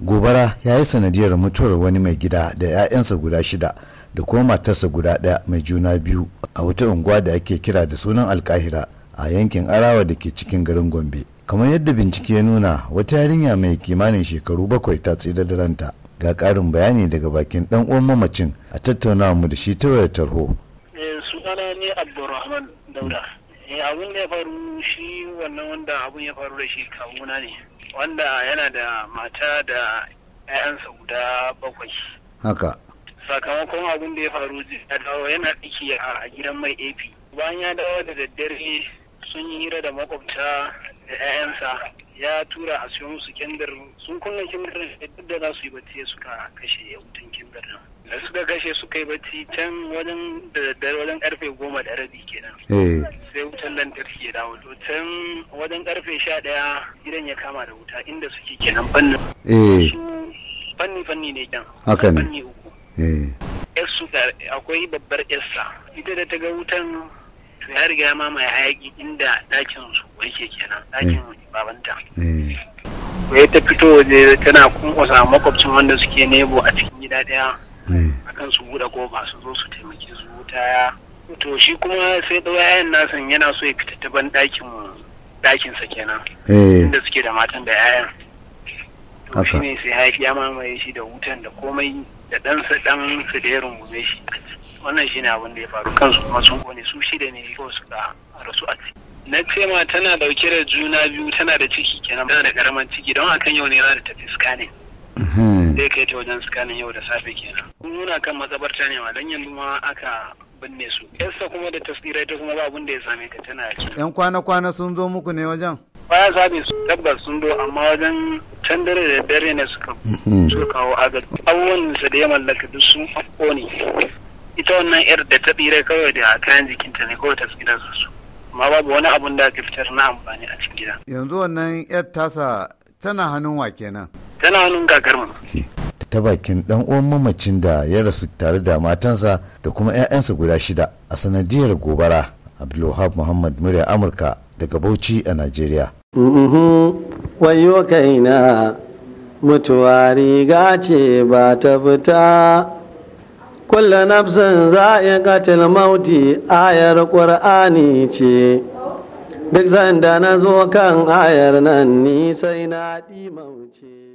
gobara ya yi sanadiyar mutuwar wani mai gida da 'ya'yansa guda shida da kuma matarsa guda ɗaya mai juna biyu a wata unguwa da ake kira da sunan alkahira a yankin arawa da ke cikin garin gombe kamar yadda bincike ya nuna wata yarinya mai kimanin shekaru bakwai ta tsira da ranta ga ƙarin bayani daga bakin ɗan uwan mamacin a tattaunawa mu da shi ta wayar tarho. Eh, sunana ne dauda mm. eh, da ya faru shi wannan wanda abin ya faru da shi kawuna ne wanda yana da mata da 'ya'yansa guda bakwai haka sakamakon abin da ya faru ya dawo yana ɗiki a gidan mai ap bayan ya dawo da daddare sun yi hira da makwabta da 'ya'yansa ya tura a siyon su kendir sun kunna kendir duk da za su yi bacci suka kashe wutan kendir da suka kashe suka yi bacci can wajen da daddare wajen karfe goma da rabi kenan eh. sai wutan lantarki ya dawo to can wajen karfe sha daya gidan ya kama da wuta inda suke kenan fannin eh. fanni fanni ne kyan haka ne fanni uku eh. akwai babbar yarsa ita da ta ga wutan to ya riga mai hayaki inda dakin su wake kenan ɗakin eh. babanta ya ta fito waje tana kunkusa makwabcin wanda suke nebo a cikin gida daya akan su buɗe kofa su zo su taimaki su wuta ya to shi kuma sai ɗawayen nasan yana so ya fita ta ban mu dakin sa kenan eh. inda suke da matan da 'ya'yan to shi ne sai haifi ya mamaye shi da wutan da komai da dan su da ya rungume shi wannan shi ne abin da ya faru kansu kuma sun gone su da ne ko suka rasu a na ce ma tana dauke da juna biyu tana da ciki kenan tana da karaman ciki don akan yau ne za ta tafi scanning mhm. zai kai ta wajen scanning yau da safe kenan sun nuna kan matsabarta ne ma don yanzu ma aka binne su yarsa kuma da tasira ita kuma ba abin da ya same ka tana yan kwana-kwana sun zo muku ne wajen baya sabi su tabbas sun zo amma wajen can dare da dare ne suka mhm. kawo agaji abubuwan su da ya mallaka duk sun afko ne ita wannan yar da ta tsira kawai da kayan jikinta ne kawai ta tsira su amma babu wani abun da aka fitar na amfani a cikin gida yanzu wannan yar tasa tana hannun wa kenan tana hannun kakar mu ta bakin dan uwan mamacin da ya rasu tare da matansa da kuma 'ya'yansa guda shida a sanadiyar gobara abdulwahab muhammad murya amurka daga bauchi a nigeria. wayo kaina mutuwa riga ce ba ta fita kulla nafsin mauti ayar qur'ani ce duk sanda na zo kan ayar nan ni sai na ɗi mauce